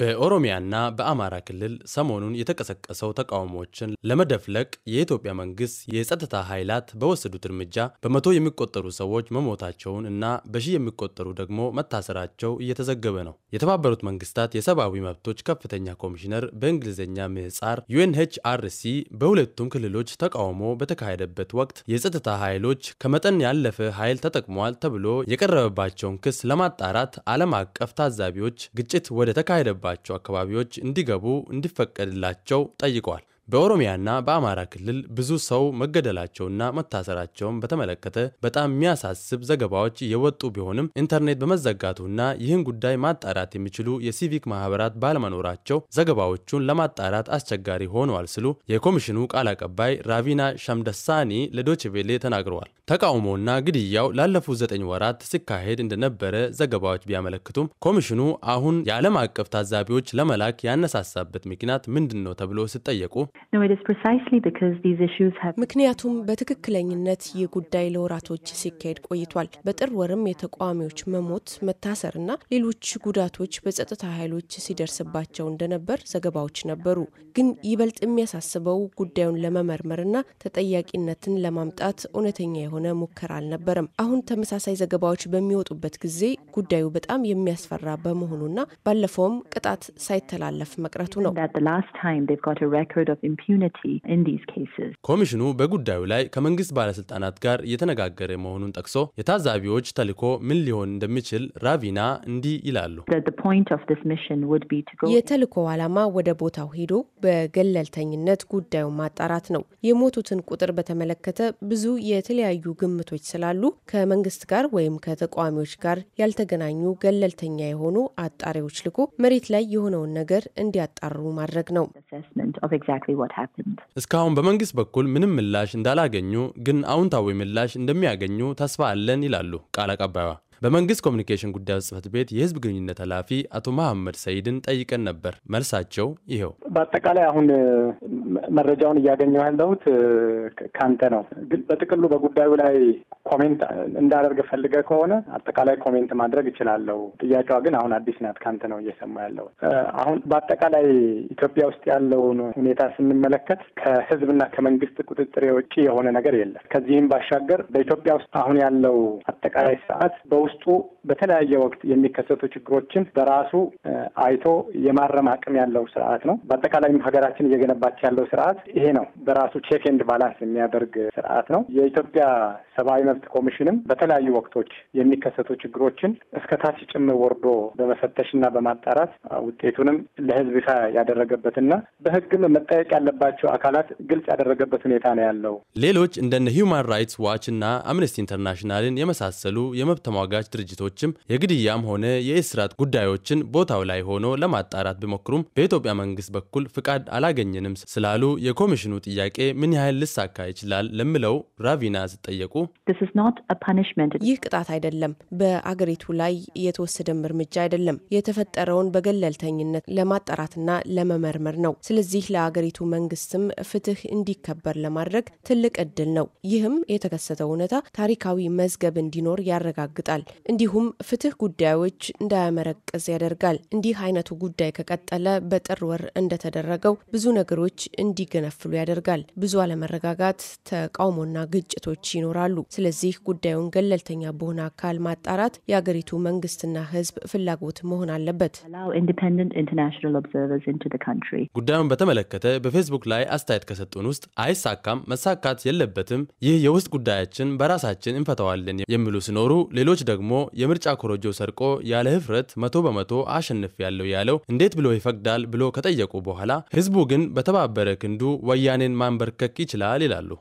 በኦሮሚያና በአማራ ክልል ሰሞኑን የተቀሰቀሰው ተቃውሞዎችን ለመደፍለቅ የኢትዮጵያ መንግስት የጸጥታ ኃይላት በወሰዱት እርምጃ በመቶ የሚቆጠሩ ሰዎች መሞታቸውን እና በሺ የሚቆጠሩ ደግሞ መታሰራቸው እየተዘገበ ነው። የተባበሩት መንግስታት የሰብአዊ መብቶች ከፍተኛ ኮሚሽነር በእንግሊዝኛ ምህጻር ዩኤንኤችአርሲ በሁለቱም ክልሎች ተቃውሞ በተካሄደበት ወቅት የጸጥታ ኃይሎች ከመጠን ያለፈ ኃይል ተጠቅሟል ተብሎ የቀረበባቸውን ክስ ለማጣራት ዓለም አቀፍ ታዛቢዎች ግጭት ወደ ተካሄደ ወዳለባቸው አካባቢዎች እንዲገቡ እንዲፈቀድላቸው ጠይቀዋል። በኦሮሚያና በአማራ ክልል ብዙ ሰው መገደላቸውና መታሰራቸውን በተመለከተ በጣም የሚያሳስብ ዘገባዎች እየወጡ ቢሆንም ኢንተርኔት በመዘጋቱና ይህን ጉዳይ ማጣራት የሚችሉ የሲቪክ ማህበራት ባለመኖራቸው ዘገባዎቹን ለማጣራት አስቸጋሪ ሆኗል ሲሉ የኮሚሽኑ ቃል አቀባይ ራቪና ሻምደሳኒ ለዶችቬሌ ተናግረዋል። ተቃውሞና ግድያው ላለፉት ዘጠኝ ወራት ሲካሄድ እንደነበረ ዘገባዎች ቢያመለክቱም ኮሚሽኑ አሁን የዓለም አቀፍ ታዛቢዎች ለመላክ ያነሳሳበት ምክንያት ምንድን ነው ተብሎ ሲጠየቁ ምክንያቱም በትክክለኝነት ይህ ጉዳይ ለወራቶች ሲካሄድ ቆይቷል። በጥር ወርም የተቃዋሚዎች መሞት፣ መታሰር ና ሌሎች ጉዳቶች በጸጥታ ኃይሎች ሲደርስባቸው እንደነበር ዘገባዎች ነበሩ። ግን ይበልጥ የሚያሳስበው ጉዳዩን ለመመርመር እና ተጠያቂነትን ለማምጣት እውነተኛ የሆነ ሙከራ አልነበረም። አሁን ተመሳሳይ ዘገባዎች በሚወጡበት ጊዜ ጉዳዩ በጣም የሚያስፈራ በመሆኑና ባለፈውም ቅጣት ሳይተላለፍ መቅረቱ ነው። ኮሚሽኑ በጉዳዩ ላይ ከመንግስት ባለስልጣናት ጋር እየተነጋገረ መሆኑን ጠቅሶ የታዛቢዎች ተልዕኮ ምን ሊሆን እንደሚችል ራቪና እንዲህ ይላሉ። የተልዕኮ ዓላማ ወደ ቦታው ሄዶ በገለልተኝነት ጉዳዩን ማጣራት ነው። የሞቱትን ቁጥር በተመለከተ ብዙ የተለያዩ ግምቶች ስላሉ ከመንግስት ጋር ወይም ከተቃዋሚዎች ጋር ያልተገናኙ ገለልተኛ የሆኑ አጣሪዎች ልኮ መሬት ላይ የሆነውን ነገር እንዲያጣሩ ማድረግ ነው። እስካሁን በመንግስት በኩል ምንም ምላሽ እንዳላገኙ ግን አውንታዊ ምላሽ እንደሚያገኙ ተስፋ አለን ይላሉ ቃል አቀባይዋ። በመንግስት ኮሚኒኬሽን ጉዳዮች ጽህፈት ቤት የህዝብ ግንኙነት ኃላፊ አቶ መሐመድ ሰይድን ጠይቀን ነበር። መልሳቸው ይኸው። በአጠቃላይ አሁን መረጃውን እያገኘሁ ያለሁት ከአንተ ነው። ግን በጥቅሉ በጉዳዩ ላይ ኮሜንት እንዳደርግ ፈልገ ከሆነ አጠቃላይ ኮሜንት ማድረግ እችላለሁ። ጥያቄዋ ግን አሁን አዲስ ናት። ከአንተ ነው እየሰማ ያለው። አሁን በአጠቃላይ ኢትዮጵያ ውስጥ ያለውን ሁኔታ ስንመለከት ከህዝብና ከመንግስት ቁጥጥር የውጭ የሆነ ነገር የለም። ከዚህም ባሻገር በኢትዮጵያ ውስጥ አሁን ያለው አጠቃላይ ስርዓት በውስ በውስጡ በተለያየ ወቅት የሚከሰቱ ችግሮችን በራሱ አይቶ የማረም አቅም ያለው ስርዓት ነው። በአጠቃላይም ሀገራችን እየገነባች ያለው ስርዓት ይሄ ነው። በራሱ ቼክ ኤንድ ባላንስ የሚያደርግ ስርዓት ነው። የኢትዮጵያ ሰብአዊ መብት ኮሚሽንም በተለያዩ ወቅቶች የሚከሰቱ ችግሮችን እስከ ታች ጭምር ወርዶ በመፈተሽና በማጣራት ውጤቱንም ለህዝብ ይፋ ያደረገበትና በህግም መጠየቅ ያለባቸው አካላት ግልጽ ያደረገበት ሁኔታ ነው ያለው። ሌሎች እንደነ ሂውማን ራይትስ ዋች እና አምነስቲ ኢንተርናሽናልን የመሳሰሉ የመብት ተሟጋ አመልካች ድርጅቶችም የግድያም ሆነ የእስራት ጉዳዮችን ቦታው ላይ ሆኖ ለማጣራት ቢሞክሩም በኢትዮጵያ መንግስት በኩል ፍቃድ አላገኘንም ስላሉ የኮሚሽኑ ጥያቄ ምን ያህል ልሳካ ይችላል ለምለው ራቪና ሲጠየቁ ይህ ቅጣት አይደለም፣ በአገሪቱ ላይ የተወሰደም እርምጃ አይደለም። የተፈጠረውን በገለልተኝነት ለማጣራትና ለመመርመር ነው። ስለዚህ ለአገሪቱ መንግስትም ፍትህ እንዲከበር ለማድረግ ትልቅ እድል ነው። ይህም የተከሰተው እውነታ ታሪካዊ መዝገብ እንዲኖር ያረጋግጣል። እንዲሁም ፍትህ ጉዳዮች እንዳያመረቅዝ ያደርጋል። እንዲህ አይነቱ ጉዳይ ከቀጠለ በጥር ወር እንደተደረገው ብዙ ነገሮች እንዲገነፍሉ ያደርጋል። ብዙ አለመረጋጋት፣ ተቃውሞና ግጭቶች ይኖራሉ። ስለዚህ ጉዳዩን ገለልተኛ በሆነ አካል ማጣራት የአገሪቱ መንግስትና ህዝብ ፍላጎት መሆን አለበት። ጉዳዩን በተመለከተ በፌስቡክ ላይ አስተያየት ከሰጡን ውስጥ አይሳካም፣ መሳካት የለበትም፣ ይህ የውስጥ ጉዳያችን በራሳችን እንፈተዋለን የሚሉ ሲኖሩ ሌሎች ደግሞ የምርጫ ኮረጆ ሰርቆ ያለ ህፍረት መቶ በመቶ አሸንፍ ያለው ያለው እንዴት ብሎ ይፈቅዳል ብሎ ከጠየቁ በኋላ ህዝቡ ግን በተባበረ ክንዱ ወያኔን ማንበርከክ ይችላል ይላሉ።